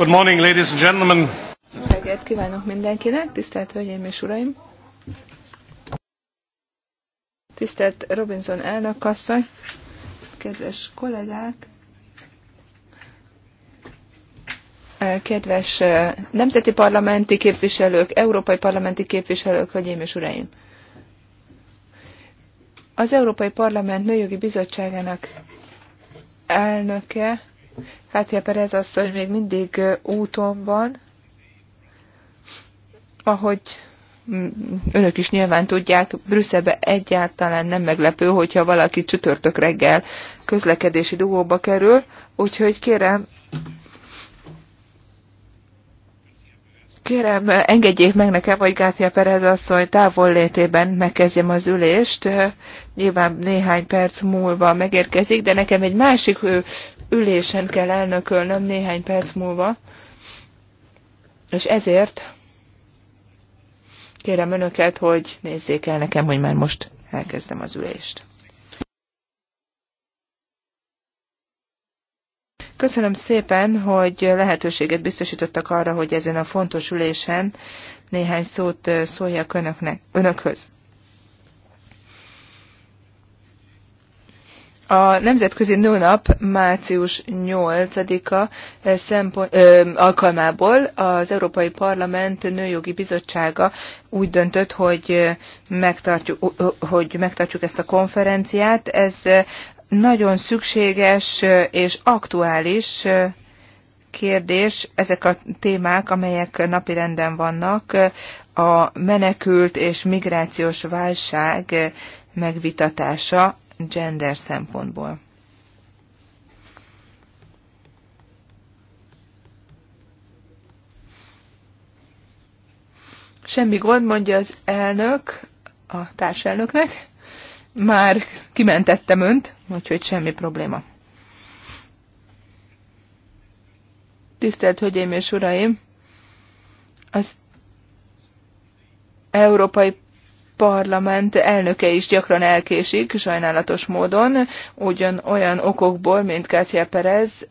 Good morning, ladies and gentlemen. Reggelt kívánok mindenkinek, tisztelt Hölgyeim és Uraim! Tisztelt Robinson elnökasszony, kedves kollégák, kedves eh, nemzeti parlamenti képviselők, európai parlamenti képviselők, Hölgyeim és Uraim! Az Európai Parlament Nőjogi Bizottságának elnöke Kátia Perez asszony még mindig úton van, ahogy mm, önök is nyilván tudják, Brüsszelbe egyáltalán nem meglepő, hogyha valaki csütörtök reggel közlekedési dugóba kerül, úgyhogy kérem, kérem, engedjék meg nekem, hogy Gátia Perez asszony létében megkezdjem az ülést. Nyilván néhány perc múlva megérkezik, de nekem egy másik ülésen kell elnökölnöm néhány perc múlva, és ezért kérem önöket, hogy nézzék el nekem, hogy már most elkezdem az ülést. Köszönöm szépen, hogy lehetőséget biztosítottak arra, hogy ezen a fontos ülésen néhány szót szóljak önöknek, önökhöz. A Nemzetközi Nőnap március 8-a szempont, ö, alkalmából az Európai Parlament Nőjogi Bizottsága úgy döntött, hogy eh, megtartjuk, hogy megtartjuk ezt a konferenciát. Ez eh, nagyon szükséges eh, és aktuális kérdés, ezek a témák, amelyek napirenden vannak, a menekült és migrációs válság megvitatása gender szempontból. Semmi gond, mondja az elnök a társelnöknek. Már kimentettem önt, úgyhogy semmi probléma. Tisztelt Hölgyeim és Uraim! Az Európai parlament elnöke is gyakran elkésik, sajnálatos módon, ugyan olyan okokból, mint Kátia Perez,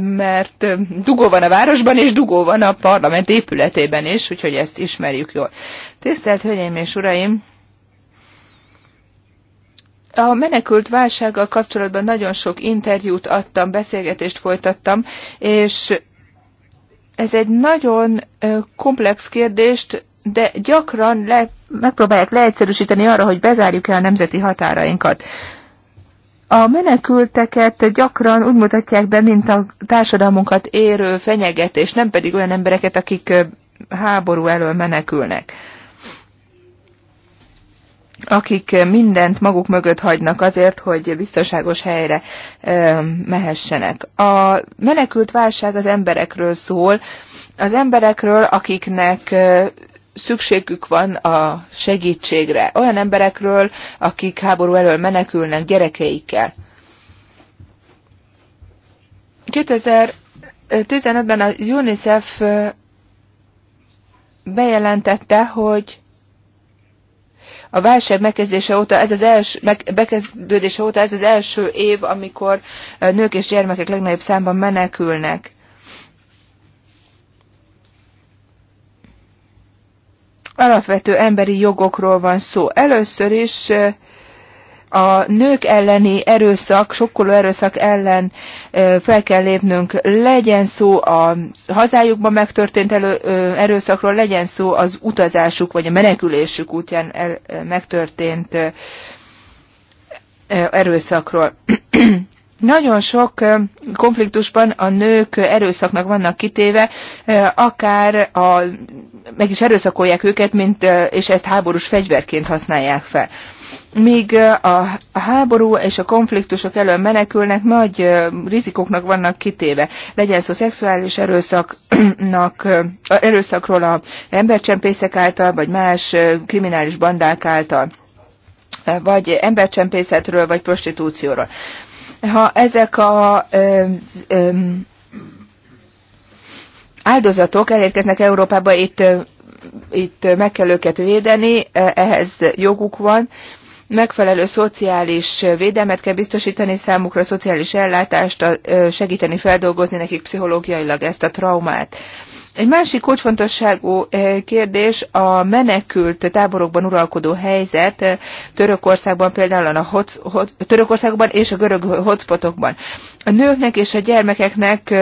mert dugó van a városban, és dugó van a parlament épületében is, úgyhogy ezt ismerjük jól. Tisztelt Hölgyeim és Uraim! A menekült válsággal kapcsolatban nagyon sok interjút adtam, beszélgetést folytattam, és ez egy nagyon komplex kérdést de gyakran le, megpróbálják leegyszerűsíteni arra, hogy bezárjuk el a nemzeti határainkat. A menekülteket gyakran úgy mutatják be, mint a társadalmunkat érő fenyegetés, nem pedig olyan embereket, akik háború elől menekülnek akik mindent maguk mögött hagynak azért, hogy biztonságos helyre mehessenek. A menekült válság az emberekről szól, az emberekről, akiknek szükségük van a segítségre. Olyan emberekről, akik háború elől menekülnek gyerekeikkel. 2015-ben a UNICEF bejelentette, hogy a válság megkezdése óta, ez az els, meg, bekezdődése óta ez az első év, amikor nők és gyermekek legnagyobb számban menekülnek. alapvető emberi jogokról van szó. Először is a nők elleni erőszak, sokkoló erőszak ellen fel kell lépnünk. Legyen szó a hazájukban megtörtént elő, erőszakról, legyen szó az utazásuk vagy a menekülésük útján el, megtörtént erőszakról. Nagyon sok konfliktusban a nők erőszaknak vannak kitéve, akár a meg is erőszakolják őket, mint, és ezt háborús fegyverként használják fel. Míg a háború és a konfliktusok elől menekülnek, nagy rizikoknak vannak kitéve. Legyen szó szexuális erőszaknak, erőszakról a embercsempészek által, vagy más kriminális bandák által, vagy embercsempészetről, vagy prostitúcióról. Ha ezek a áldozatok elérkeznek Európába, itt, itt meg kell őket védeni, ehhez joguk van, megfelelő szociális védelmet kell biztosítani számukra, a szociális ellátást, segíteni feldolgozni nekik pszichológiailag ezt a traumát. Egy másik kulcsfontosságú kérdés a menekült táborokban uralkodó helyzet Törökországban, például a hot, hot, Törökországban és a görög hotspotokban. A nőknek és a gyermekeknek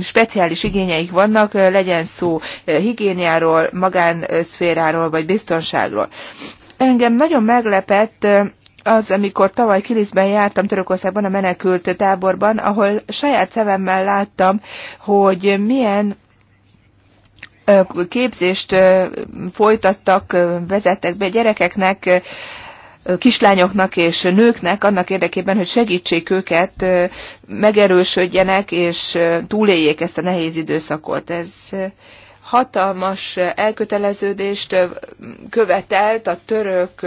speciális igényeik vannak, legyen szó higiéniáról, magánszféráról vagy biztonságról. Engem nagyon meglepett az, amikor tavaly Kiliszben jártam Törökországban a menekült táborban, ahol saját szememmel láttam, hogy milyen képzést folytattak, vezettek be gyerekeknek, kislányoknak és nőknek annak érdekében, hogy segítsék őket, megerősödjenek és túléljék ezt a nehéz időszakot. Ez hatalmas elköteleződést követelt a török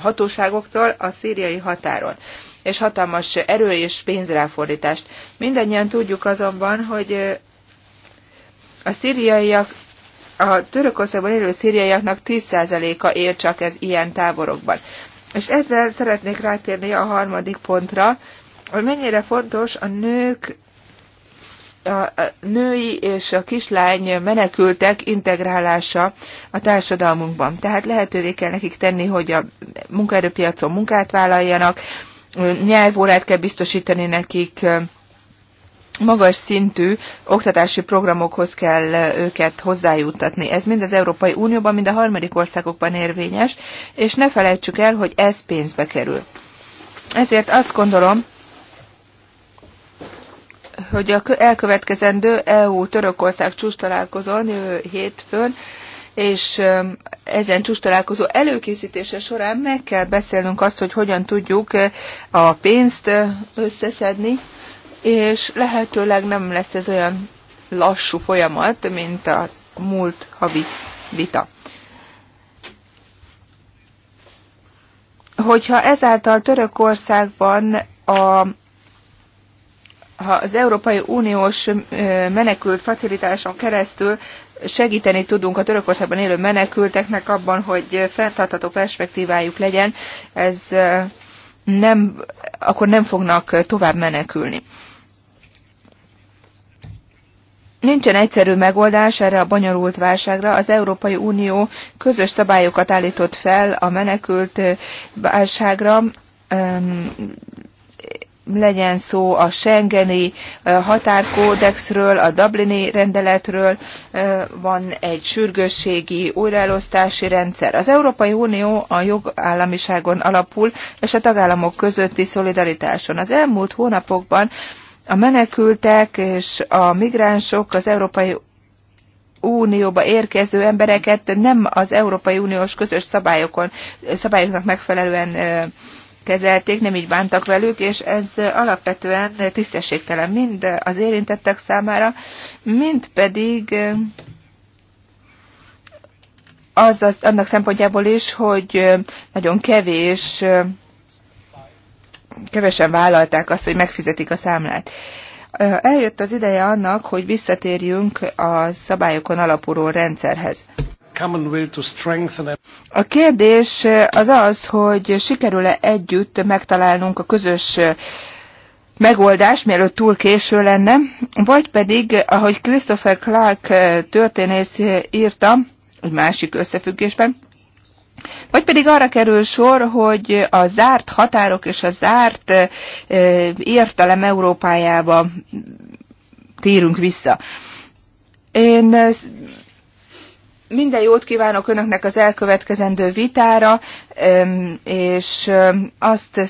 hatóságoktól a szíriai határon és hatalmas erő és pénzráfordítást. Mindennyian tudjuk azonban, hogy a szíriaiak a Törökországban élő szíriaiaknak 10%-a él csak ez ilyen táborokban. És ezzel szeretnék rátérni a harmadik pontra, hogy mennyire fontos a nők a női és a kislány menekültek integrálása a társadalmunkban. Tehát lehetővé kell nekik tenni, hogy a munkaerőpiacon munkát vállaljanak, nyelvórát kell biztosítani nekik, magas szintű oktatási programokhoz kell őket hozzájuttatni. Ez mind az Európai Unióban, mind a harmadik országokban érvényes, és ne felejtsük el, hogy ez pénzbe kerül. Ezért azt gondolom, hogy a elkövetkezendő EU-Törökország csúcs találkozón jövő hétfőn, és ezen csúcs találkozó előkészítése során meg kell beszélnünk azt, hogy hogyan tudjuk a pénzt összeszedni, és lehetőleg nem lesz ez olyan lassú folyamat, mint a múlt havi vita. Hogyha ezáltal Törökországban a ha az Európai Uniós menekült facilitáson keresztül segíteni tudunk a Törökországban élő menekülteknek abban, hogy fenntartható perspektívájuk legyen, ez nem, akkor nem fognak tovább menekülni. Nincsen egyszerű megoldás erre a bonyolult válságra. Az Európai Unió közös szabályokat állított fel a menekült eh, válságra, legyen szó a Schengeni eh, határkódexről, a Dublini rendeletről, eh, van egy sürgősségi újraelosztási rendszer. Az Európai Unió a jogállamiságon alapul, és a tagállamok közötti szolidaritáson. Az elmúlt hónapokban a menekültek és a migránsok az Európai Unióba érkező embereket nem az Európai Uniós közös szabályokon, szabályoknak megfelelően kezelték, nem így bántak velük, és ez alapvetően tisztességtelen mind az érintettek számára, mind pedig az, az annak szempontjából is, hogy nagyon kevés kevesen vállalták azt, hogy megfizetik a számlát. Eljött az ideje annak, hogy visszatérjünk a szabályokon alapuló rendszerhez. A kérdés az az, hogy sikerül-e együtt megtalálnunk a közös megoldást, mielőtt túl késő lenne, vagy pedig, ahogy Christopher Clark történész írta, egy másik összefüggésben, vagy pedig arra kerül sor, hogy a zárt határok és a zárt értelem Európájába térünk vissza. Én minden jót kívánok Önöknek az elkövetkezendő vitára, és azt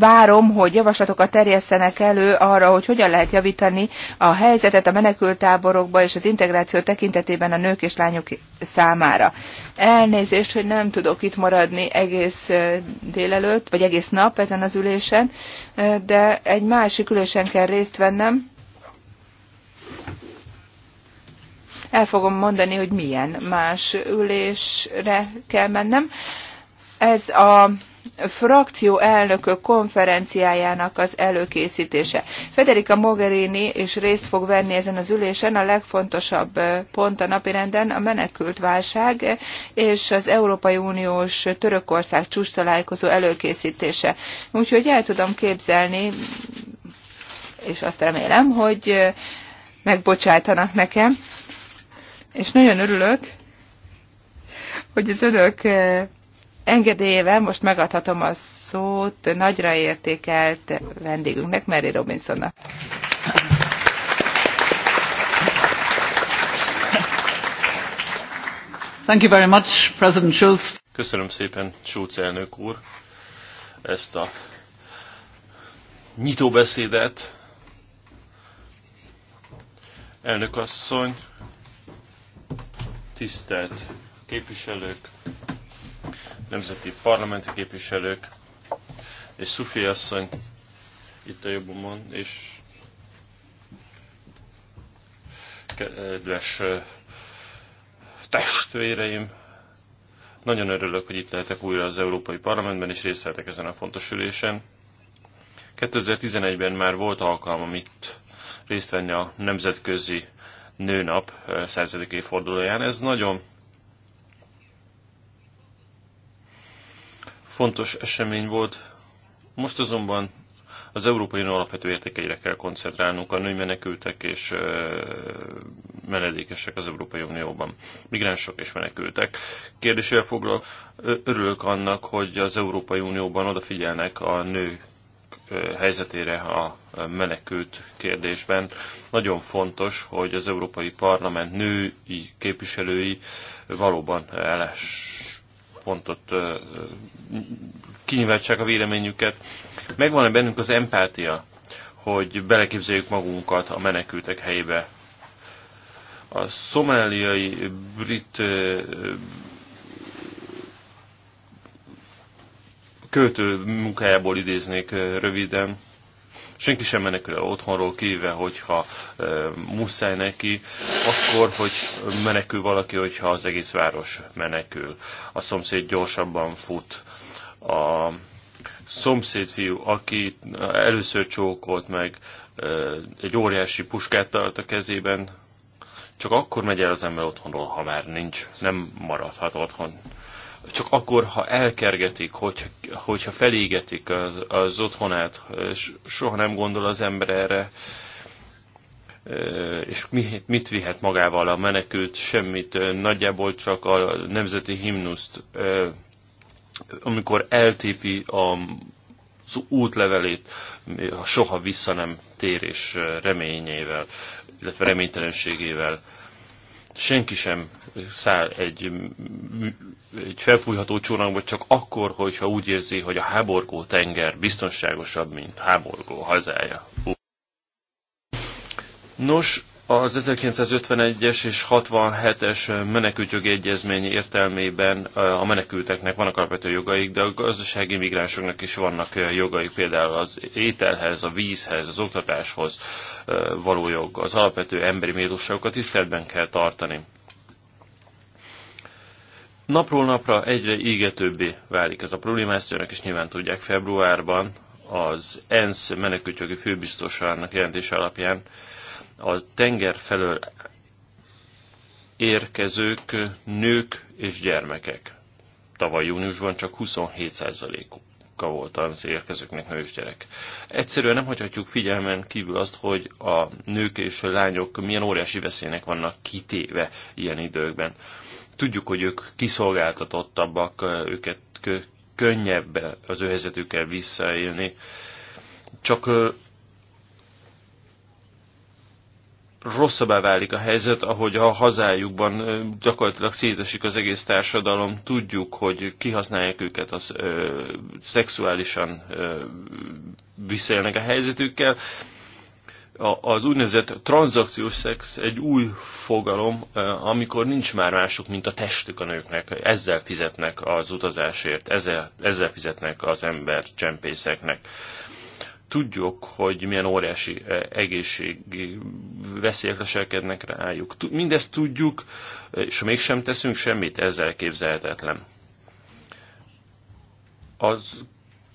várom, hogy javaslatokat terjesszenek elő arra, hogy hogyan lehet javítani a helyzetet a menekültáborokba és az integráció tekintetében a nők és lányok számára. Elnézést, hogy nem tudok itt maradni egész délelőtt, vagy egész nap ezen az ülésen, de egy másik ülésen kell részt vennem. El fogom mondani, hogy milyen más ülésre kell mennem. Ez a frakció konferenciájának az előkészítése. Federica Mogherini is részt fog venni ezen az ülésen, a legfontosabb pont a napirenden a menekült válság és az Európai Uniós Törökország csúcs találkozó előkészítése. Úgyhogy el tudom képzelni, és azt remélem, hogy megbocsájtanak nekem, és nagyon örülök, hogy az önök engedélyével most megadhatom a szót nagyra értékelt vendégünknek, Mary Robinsonnak. Thank you very much, President Schulz. Köszönöm szépen, Schulz elnök úr, ezt a nyitó beszédet. Elnök asszony, tisztelt képviselők, nemzeti parlamenti képviselők, és Szufi asszony itt a jobbomon, és kedves testvéreim, nagyon örülök, hogy itt lehetek újra az Európai Parlamentben, és részt ezen a fontos ülésen. 2011-ben már volt alkalmam itt részt venni a Nemzetközi Nőnap századik évfordulóján. Ez nagyon fontos esemény volt. Most azonban az európai alapvető értékeire kell koncentrálnunk, a női menekültek és menedékesek az Európai Unióban, migránsok és menekültek. Kérdésével foglal, örülök annak, hogy az Európai Unióban odafigyelnek a nő helyzetére a menekült kérdésben. Nagyon fontos, hogy az Európai Parlament női képviselői valóban eles pontot kinyilvátsák a véleményüket. Megvan-e bennünk az empátia, hogy beleképzeljük magunkat a menekültek helyébe? A szomáliai brit költő munkájából idéznék röviden senki sem menekül el otthonról, kivéve, hogyha e, muszáj neki, akkor, hogy menekül valaki, hogyha az egész város menekül. A szomszéd gyorsabban fut. A szomszéd fiú, aki először csókolt meg, e, egy óriási puskát tart a kezében, csak akkor megy el az ember otthonról, ha már nincs, nem maradhat otthon csak akkor, ha elkergetik, hogy, hogyha felégetik az, az otthonát, és soha nem gondol az ember erre, és mit, mit vihet magával a menekült, semmit, nagyjából csak a nemzeti himnuszt, amikor eltépi a az útlevelét a soha vissza nem térés reményével, illetve reménytelenségével senki sem száll egy, egy felfújható csónakba, csak akkor, hogyha úgy érzi, hogy a háborgó tenger biztonságosabb, mint háborgó hazája. Nos, az 1951-es és 67-es menekültjogi egyezmény értelmében a menekülteknek vannak alapvető jogaik, de a gazdasági migránsoknak is vannak jogaik, például az ételhez, a vízhez, az oktatáshoz való jog. Az alapvető emberi méltóságokat tiszteletben kell tartani. Napról napra egyre ígetőbbé válik ez a probléma, ezt önök is nyilván tudják februárban az ENSZ menekültjogi főbiztosának jelentése alapján a tenger felől érkezők nők és gyermekek. Tavaly júniusban csak 27%-a volt az érkezőknek nő és gyerek. Egyszerűen nem hagyhatjuk figyelmen kívül azt, hogy a nők és a lányok milyen óriási veszélynek vannak kitéve ilyen időkben. Tudjuk, hogy ők kiszolgáltatottabbak, őket könnyebb az ő helyzetükkel visszaélni, csak rosszabbá válik a helyzet, ahogy a hazájukban gyakorlatilag szétesik az egész társadalom, tudjuk, hogy kihasználják őket, az, ö, szexuálisan ö, visszaélnek a helyzetükkel. A, az úgynevezett tranzakciós szex egy új fogalom, ö, amikor nincs már mások, mint a testük a nőknek. Ezzel fizetnek az utazásért, ezzel, ezzel fizetnek az ember csempészeknek. Ö, Tudjuk, hogy milyen óriási e, egészségi veszélyek leselkednek rájuk. Mindezt tudjuk, e, és mégsem teszünk semmit, ezzel képzelhetetlen. Az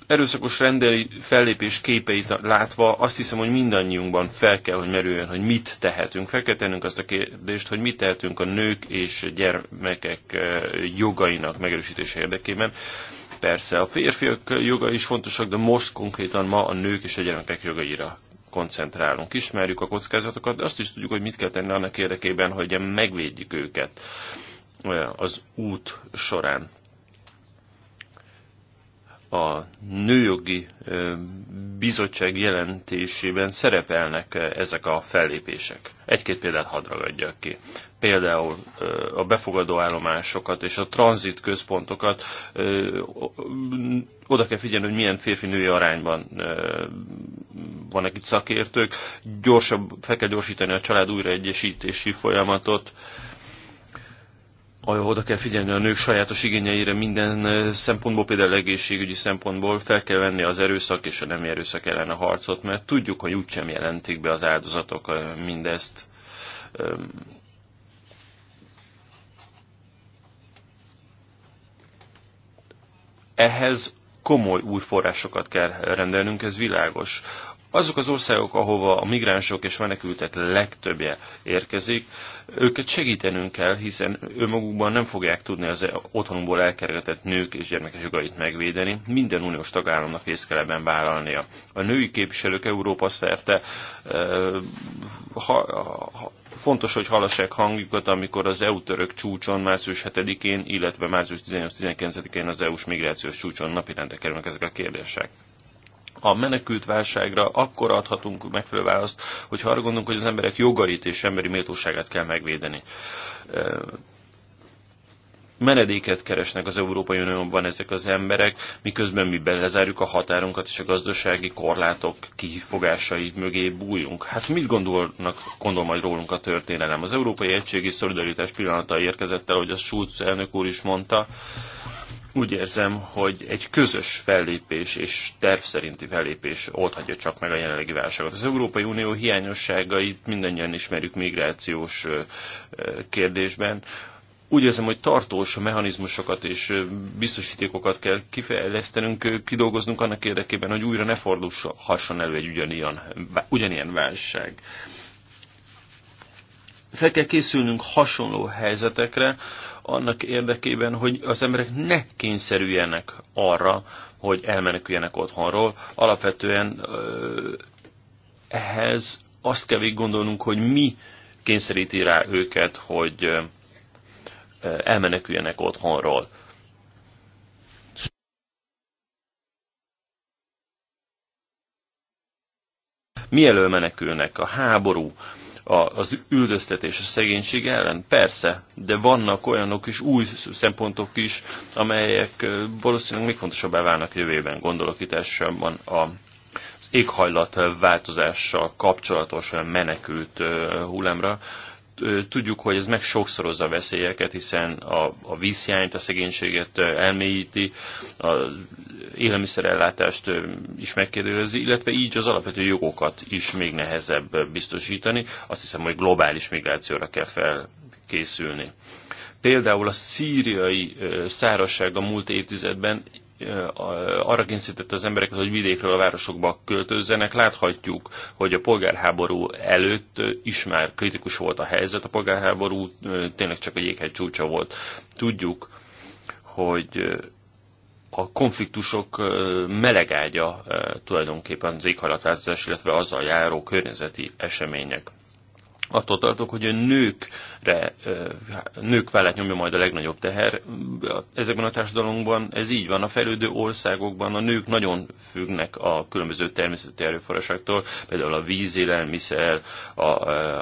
erőszakos rendeli fellépés képeit látva azt hiszem, hogy mindannyiunkban fel kell, hogy merüljön, hogy mit tehetünk. Fel kell tennünk azt a kérdést, hogy mit tehetünk a nők és gyermekek e, jogainak megerősítése érdekében. Persze, a férfiak joga is fontosak, de most konkrétan ma a nők és a gyermekek jogaira koncentrálunk. Ismerjük a kockázatokat, de azt is tudjuk, hogy mit kell tenni annak érdekében, hogy megvédjük őket az út során a nőjogi bizottság jelentésében szerepelnek ezek a fellépések. Egy-két példát hadd ragadjak ki. Például a befogadó állomásokat és a tranzit központokat oda kell figyelni, hogy milyen férfi-női arányban vannak itt szakértők. Gyorsabb, fel kell gyorsítani a család újraegyesítési folyamatot oda kell figyelni a nők sajátos igényeire minden szempontból, például egészségügyi szempontból fel kell venni az erőszak és a nem erőszak ellen a harcot, mert tudjuk, hogy úgysem jelentik be az áldozatok mindezt. Ehhez komoly új forrásokat kell rendelnünk, ez világos. Azok az országok, ahova a migránsok és menekültek legtöbbje érkezik, őket segítenünk kell, hiszen ő magukban nem fogják tudni az otthonból elkergetett nők és gyermekek jogait megvédeni. Minden uniós tagállamnak részt kell ebben vállalnia. A női képviselők Európa szerte eh, ha, ha, Fontos, hogy hallassák hangjukat, amikor az EU-török csúcson március 7-én, illetve március 18-19-én az EU-s migrációs csúcson napirendre kerülnek ezek a kérdések a menekült válságra akkor adhatunk megfelelő választ, hogyha arra gondolunk, hogy az emberek jogait és emberi méltóságát kell megvédeni menedéket keresnek az Európai Unióban ezek az emberek, miközben mi belezárjuk a határunkat és a gazdasági korlátok kihívásai mögé bújunk. Hát mit gondolnak, gondol majd rólunk a történelem? Az Európai Egység és Szolidaritás pillanata érkezett el, hogy a Schulz elnök úr is mondta, úgy érzem, hogy egy közös fellépés és terv szerinti fellépés oldhatja csak meg a jelenlegi válságot. Az Európai Unió hiányosságait mindannyian ismerjük migrációs kérdésben. Úgy érzem, hogy tartós mechanizmusokat és biztosítékokat kell kifejlesztenünk, kidolgoznunk annak érdekében, hogy újra ne fordulhasson elő egy ugyanilyen, ugyanilyen válság fel kell készülnünk hasonló helyzetekre, annak érdekében, hogy az emberek ne kényszerüljenek arra, hogy elmeneküljenek otthonról. Alapvetően ehhez azt kell gondolnunk, hogy mi kényszeríti rá őket, hogy Eh, elmeneküljenek otthonról. Mielől menekülnek? A háború, az üldöztetés, a szegénység ellen? Persze, de vannak olyanok is, új szempontok is, amelyek eh, valószínűleg még fontosabbá válnak jövőben. Gondolok itt elsősorban a éghajlatváltozással kapcsolatos menekült eh, hullámra, tudjuk, hogy ez meg sokszorozza a veszélyeket, hiszen a, a vízhiányt, a szegénységet elmélyíti, az élelmiszerellátást is megkérdőjelezi, illetve így az alapvető jogokat is még nehezebb biztosítani. Azt hiszem, hogy globális migrációra kell felkészülni. Például a szíriai szárazság a múlt évtizedben arra kényszerített az embereket, hogy vidékről a városokba költözzenek. Láthatjuk, hogy a polgárháború előtt is már kritikus volt a helyzet, a polgárháború tényleg csak a jéghegy csúcsa volt. Tudjuk, hogy a konfliktusok melegágya tulajdonképpen az éghajlatváltozás, illetve azzal járó környezeti események attól tartok, hogy a nőkre, nők vállát nyomja majd a legnagyobb teher. Ezekben a társadalomban ez így van. A fejlődő országokban a nők nagyon függnek a különböző természeti erőforrásoktól, például a vízélelmiszer, a,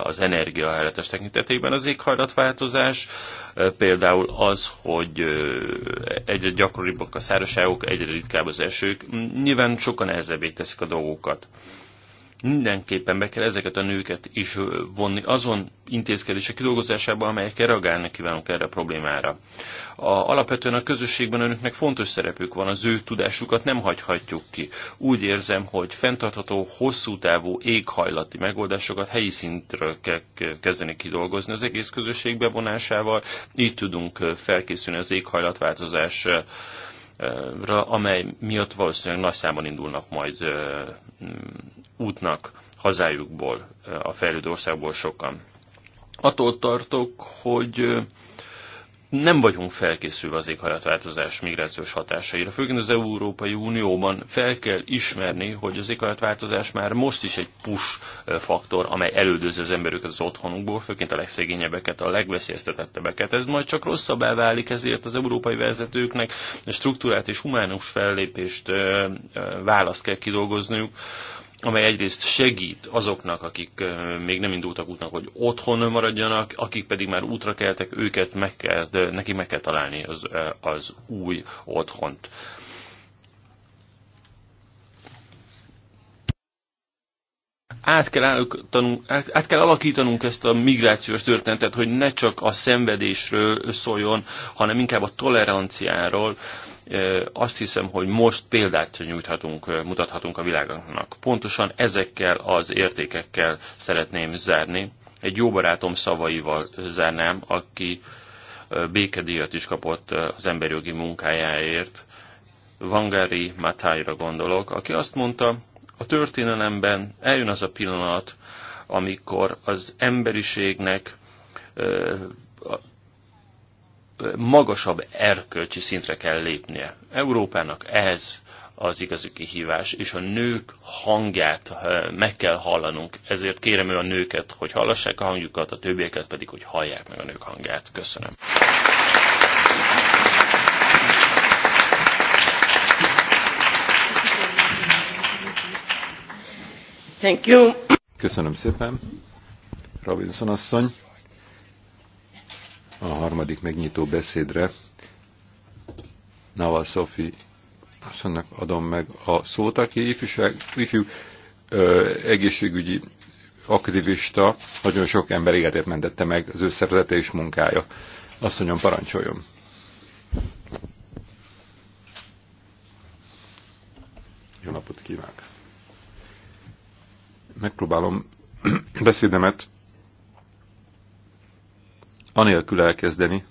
az energiaállátás tekintetében. Az éghajlatváltozás például az, hogy egyre gyakoribbak a szárazságok, egyre ritkább az esők, nyilván sokan nehezebbé teszik a dolgokat mindenképpen be kell ezeket a nőket is vonni azon intézkedések kidolgozásába, amelyekkel reagálni kívánunk erre a problémára. A, alapvetően a közösségben önöknek fontos szerepük van, az ő tudásukat nem hagyhatjuk ki. Úgy érzem, hogy fenntartható, hosszú távú éghajlati megoldásokat helyi szintről kell kezdeni kidolgozni az egész közösség bevonásával. Így tudunk felkészülni az éghajlatváltozás amely miatt valószínűleg nagy számban indulnak majd mm, útnak hazájukból, a fejlődő országból sokan. Attól tartok, hogy nem vagyunk felkészülve az éghajlatváltozás migrációs hatásaira. Főként az Európai Unióban fel kell ismerni, hogy az éghajlatváltozás már most is egy push eh, faktor, amely elődözi az emberüket az otthonukból, főként a legszegényebbeket, a legveszélyeztetettebbeket. Ez majd csak rosszabbá válik, ezért az európai vezetőknek struktúrát és humánus fellépést eh, eh, választ kell kidolgozniuk, amely egyrészt segít azoknak, akik még nem indultak útnak, hogy otthon maradjanak, akik pedig már útra keltek, őket meg kell, de neki meg kell találni az, az új otthont. át kell, állítanunk, át kell alakítanunk ezt a migrációs történetet, hogy ne csak a szenvedésről szóljon, hanem inkább a toleranciáról, azt hiszem, hogy most példát nyújthatunk, mutathatunk a világnak. Pontosan ezekkel az értékekkel szeretném zárni. Egy jó barátom szavaival zárnám, aki békedíjat is kapott az emberjogi munkájáért. Vangari Matájra gondolok, aki azt mondta, a történelemben eljön az a pillanat, amikor az emberiségnek magasabb erkölcsi szintre kell lépnie. Európának ez az igazi kihívás, és a nők hangját eh, meg kell hallanunk. Ezért kérem ő a nőket, hogy hallassák a hangjukat, a többieket pedig, hogy hallják meg a nők hangját. Köszönöm. Thank you. Köszönöm szépen, Robinson asszony a harmadik megnyitó beszédre. Nava Szofi mondjuk, adom meg a szót, aki ifjúság, ifjú ö, egészségügyi aktivista, nagyon sok ember életét mentette meg az ő szervezete és munkája. mondjam, parancsoljon! Jó napot kívánok! Megpróbálom beszédemet anélkül elkezdeni,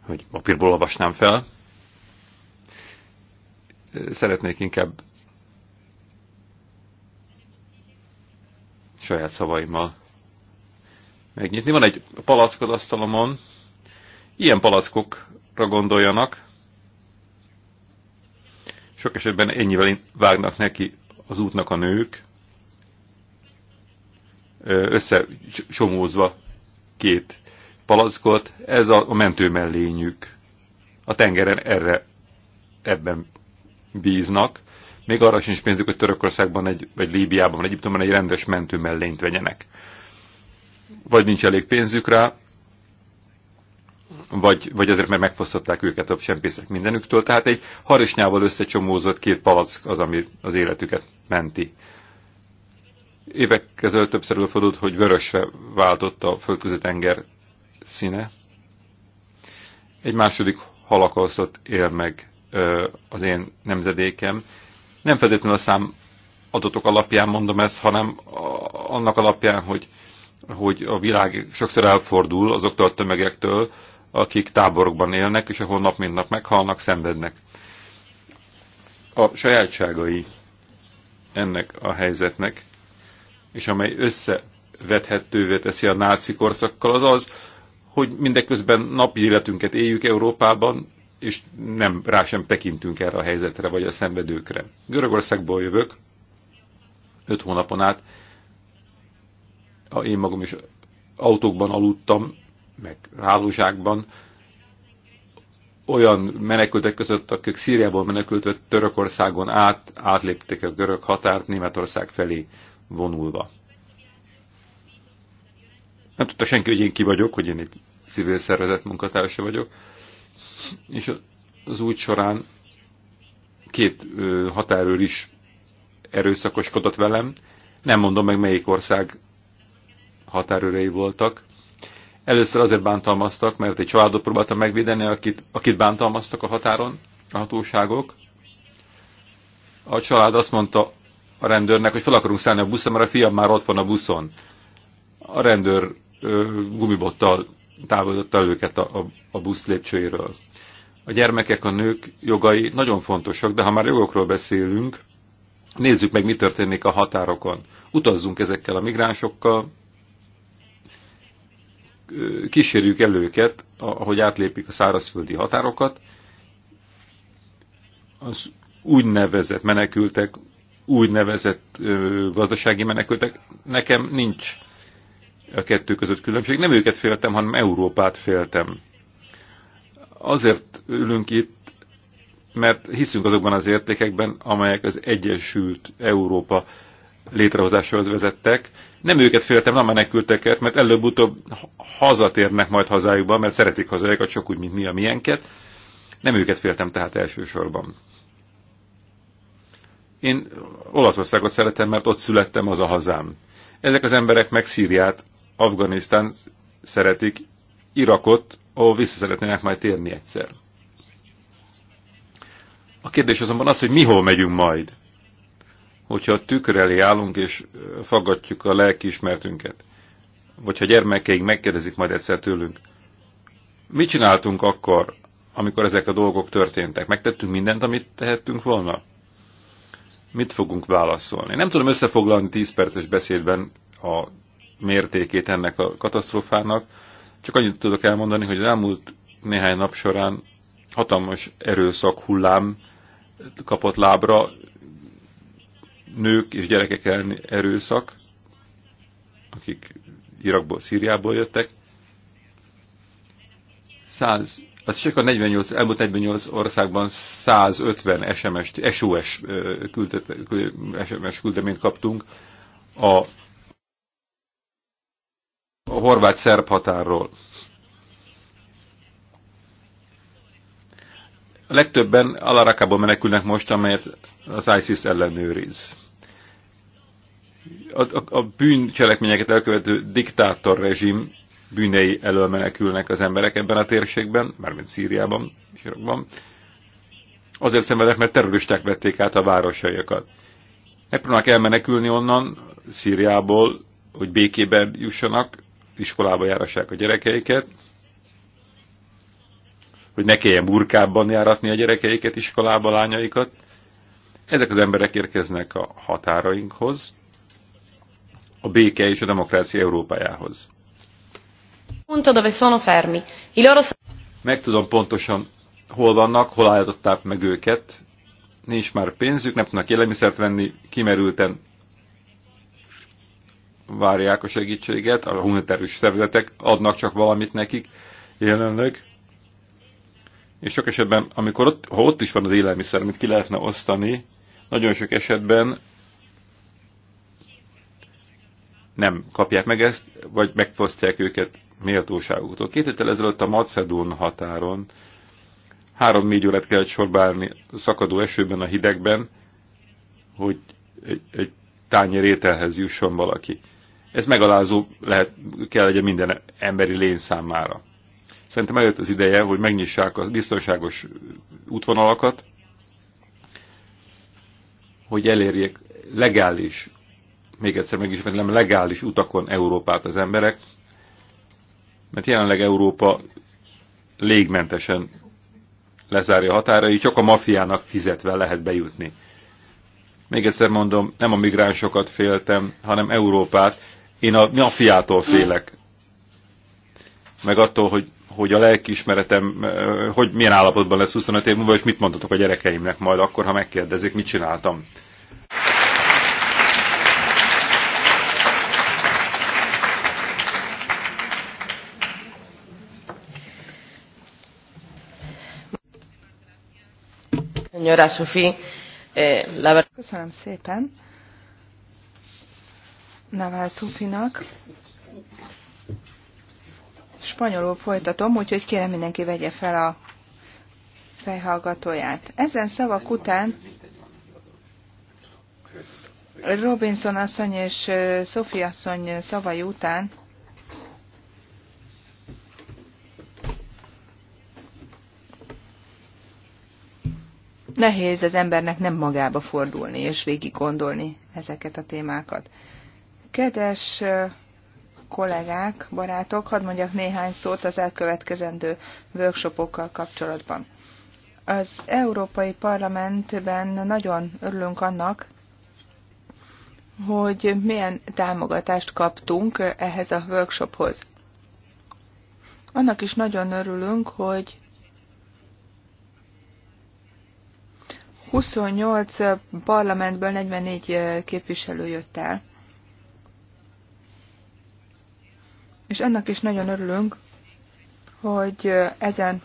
hogy papírból olvasnám fel. Szeretnék inkább saját szavaimmal megnyitni. Van egy palack az asztalomon. Ilyen palackokra gondoljanak. Sok esetben ennyivel vágnak neki az útnak a nők, összecsomózva két palackot, ez a, mentőmellényük mentő mellényük. A tengeren erre, ebben bíznak. Még arra sincs pénzük, hogy Törökországban egy, vagy Líbiában, vagy Egyiptomban egy rendes mentő mellényt vegyenek. Vagy nincs elég pénzük rá, vagy, vagy azért, mert megfosztották őket a sempészek mindenüktől. Tehát egy harisnyával összecsomózott két palack az, ami az életüket menti. Évek ezelőtt többször előfordult, hogy vörösre váltott a földközi tenger színe. Egy második halakasztot él meg ö, az én nemzedékem. Nem feltétlenül a szám adatok alapján mondom ezt, hanem annak alapján, hogy, hogy a világ sokszor elfordul azoktól a tömegektől, akik táborokban élnek, és ahol nap mint nap meghalnak, szenvednek. A sajátságai ennek a helyzetnek és amely összevethetővé teszi a náci korszakkal, az az, hogy mindeközben napi életünket éljük Európában, és nem, rá sem tekintünk erre a helyzetre, vagy a szenvedőkre. Görögországból jövök, öt hónapon át, én magam is autókban aludtam, meg hálózsákban, olyan menekültek között, akik Szíriából menekültek Törökországon át, átlépték a görög határt Németország felé vonulva. Nem tudta senki, hogy én ki vagyok, hogy én egy civil szervezet munkatársa vagyok. És az út során két határőr is erőszakoskodott velem. Nem mondom meg, melyik ország határőrei voltak. Először azért bántalmaztak, mert egy családot próbáltam megvédeni, akit, akit bántalmaztak a határon a hatóságok. A család azt mondta a rendőrnek, hogy fel akarunk szállni a buszra, mert a fiam már ott van a buszon. A rendőr ö, gumibottal távolította őket a, a, a busz lépcsőjéről. A gyermekek, a nők jogai nagyon fontosak, de ha már jogokról beszélünk, nézzük meg, mi történik a határokon. Utazzunk ezekkel a migránsokkal, kísérjük el őket, ahogy átlépik a szárazföldi határokat, az úgynevezett menekültek, úgynevezett gazdasági menekültek. Nekem nincs a kettő között különbség. Nem őket féltem, hanem Európát féltem. Azért ülünk itt, mert hiszünk azokban az értékekben, amelyek az Egyesült Európa létrehozásához vezettek. Nem őket féltem, nem menekülteket, mert előbb-utóbb hazatérnek majd hazájukba, mert szeretik hazájukat, csak úgy, mint mi a miénket. Nem őket féltem tehát elsősorban. Én Olaszországot szeretem, mert ott születtem, az a hazám. Ezek az emberek meg Szíriát, Afganisztán szeretik, Irakot, ahol vissza szeretnének majd térni egyszer. A kérdés azonban az, hogy mihol megyünk majd, hogyha a tükör elé állunk és faggatjuk a lelkiismertünket, vagy ha gyermekeink megkérdezik majd egyszer tőlünk, mit csináltunk akkor, amikor ezek a dolgok történtek? Megtettünk mindent, amit tehettünk volna? mit fogunk válaszolni. Nem tudom összefoglalni 10 perces beszédben a mértékét ennek a katasztrófának, csak annyit tudok elmondani, hogy az elmúlt néhány nap során hatalmas erőszak hullám kapott lábra, nők és gyerekek elleni erőszak, akik Irakból, Szíriából jöttek. 100 az csak a 48, elmúlt 48 országban 150 SMS, SOS küldet, SMS küldeményt kaptunk a, a horvát-szerb határról. A legtöbben Alarakában menekülnek most, amelyet az ISIS ellenőriz. A, a, a bűncselekményeket elkövető diktátorrezsim bűnei elől menekülnek az emberek ebben a térségben, mármint Szíriában, és Azért szenvedek, mert terroristák vették át a városaikat. Megpróbálnak elmenekülni onnan, Szíriából, hogy békében jussanak, iskolába járassák a gyerekeiket, hogy ne kelljen burkában járatni a gyerekeiket, iskolába lányaikat. Ezek az emberek érkeznek a határainkhoz, a béke és a demokrácia Európájához. Meg tudom pontosan, hol vannak, hol állították meg őket. Nincs már pénzük, nem tudnak élelmiszert venni, kimerülten várják a segítséget, a humanitárius szervezetek adnak csak valamit nekik jelenleg. És sok esetben, amikor ott, ha ott is van az élelmiszer, amit ki lehetne osztani, nagyon sok esetben nem kapják meg ezt, vagy megfosztják őket méltóságuktól. Két héttel ezelőtt a Macedón határon három-négy órát kellett sorbálni szakadó esőben, a hidegben, hogy egy, egy tányér ételhez jusson valaki. Ez megalázó lehet, kell legyen minden emberi lény számára. Szerintem eljött az ideje, hogy megnyissák a biztonságos útvonalakat, hogy elérjék legális, még egyszer megismétlem, legális utakon Európát az emberek, mert jelenleg Európa légmentesen lezárja a határai, csak a mafiának fizetve lehet bejutni. Még egyszer mondom, nem a migránsokat féltem, hanem Európát. Én a mafiától félek. Meg attól, hogy, hogy a lelkiismeretem, eh, hogy milyen állapotban lesz 25 év múlva, és mit mondhatok a gyerekeimnek majd akkor, ha megkérdezik, mit csináltam. señora Sufi. Eh, la Köszönöm szépen. Naval Sufinak. Spanyolul folytatom, úgyhogy kérem mindenki vegye fel a fejhallgatóját. Ezen szavak után Robinson asszony és eh, Sophie asszony szavai után nehéz az embernek nem magába fordulni és végig gondolni ezeket a témákat. Kedves kollégák, barátok, hadd mondjak néhány szót az elkövetkezendő workshopokkal kapcsolatban. Az Európai Parlamentben nagyon örülünk annak, hogy milyen támogatást kaptunk ehhez a workshophoz. Annak is nagyon örülünk, hogy 28 parlamentből 44 képviselő jött el. És annak is nagyon örülünk, hogy ezen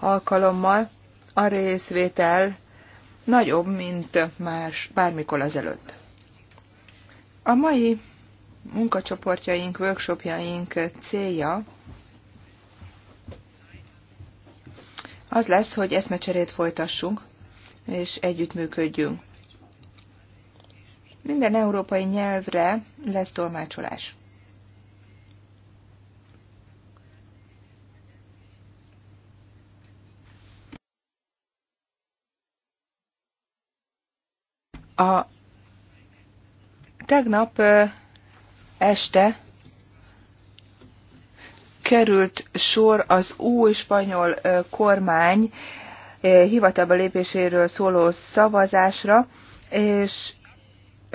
alkalommal a részvétel nagyobb, mint más bármikor azelőtt. A mai munkacsoportjaink, workshopjaink célja az lesz, hogy eszmecserét folytassunk és együttműködjünk. Minden európai nyelvre lesz tolmácsolás. A tegnap este került sor az új spanyol kormány hivatalba lépéséről szóló szavazásra, és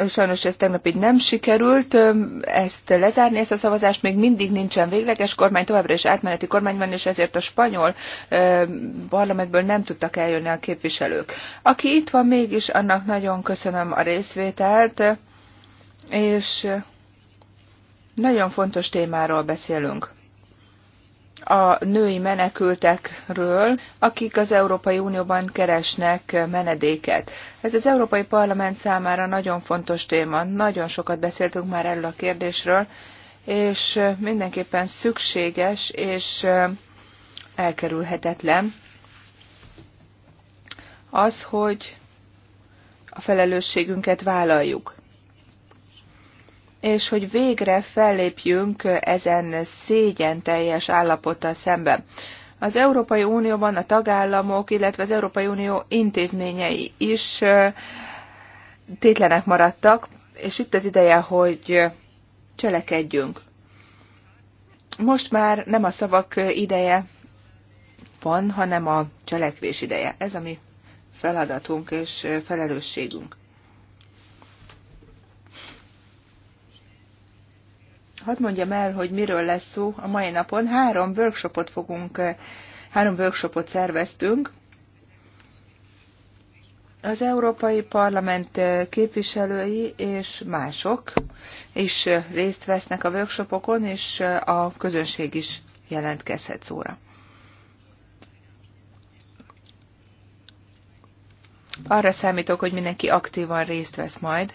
sajnos ez tegnap így nem sikerült ezt lezárni, ezt a szavazást még mindig nincsen végleges kormány, továbbra is átmeneti kormány van, és ezért a spanyol parlamentből nem tudtak eljönni a képviselők. Aki itt van mégis, annak nagyon köszönöm a részvételt, és nagyon fontos témáról beszélünk a női menekültekről, akik az Európai Unióban keresnek menedéket. Ez az Európai Parlament számára nagyon fontos téma. Nagyon sokat beszéltünk már erről a kérdésről, és mindenképpen szükséges és elkerülhetetlen az, hogy a felelősségünket vállaljuk és hogy végre fellépjünk ezen szégyen teljes állapottal szemben. Az Európai Unióban a tagállamok, illetve az Európai Unió intézményei is tétlenek maradtak, és itt az ideje, hogy cselekedjünk. Most már nem a szavak ideje van, hanem a cselekvés ideje. Ez a mi feladatunk és felelősségünk. Hadd mondjam el, hogy miről lesz szó a mai napon. Három workshopot fogunk, eh, három workshopot szerveztünk. Az Európai Parlament eh, képviselői és mások is eh, részt vesznek a workshopokon, és a közönség is jelentkezhet szóra. Arra számítok, hogy mindenki aktívan részt vesz majd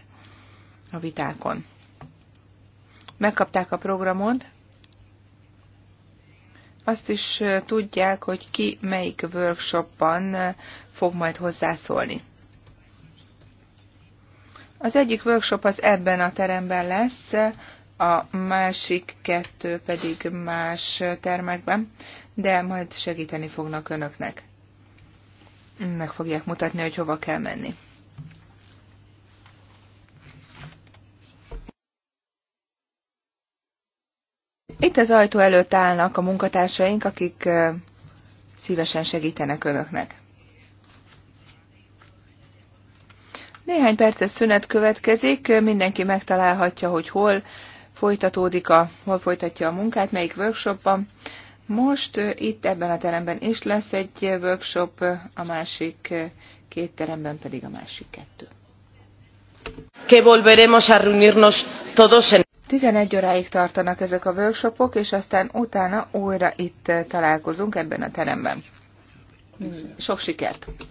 a vitákon megkapták a programot, azt is tudják, hogy ki melyik workshopban fog majd hozzászólni. Az egyik workshop az ebben a teremben lesz, a másik kettő pedig más termekben, de majd segíteni fognak önöknek. Meg fogják mutatni, hogy hova kell menni. Itt az ajtó előtt állnak a munkatársaink, akik szívesen segítenek önöknek. Néhány perces szünet következik, mindenki megtalálhatja, hogy hol folytatódik a, hol folytatja a munkát, melyik workshopban. Most itt ebben a teremben is lesz egy workshop, a másik két teremben pedig a másik kettő. Que volveremos a reunirnos todos en 11 óráig tartanak ezek a workshopok, és aztán utána újra itt találkozunk ebben a teremben. Sok sikert!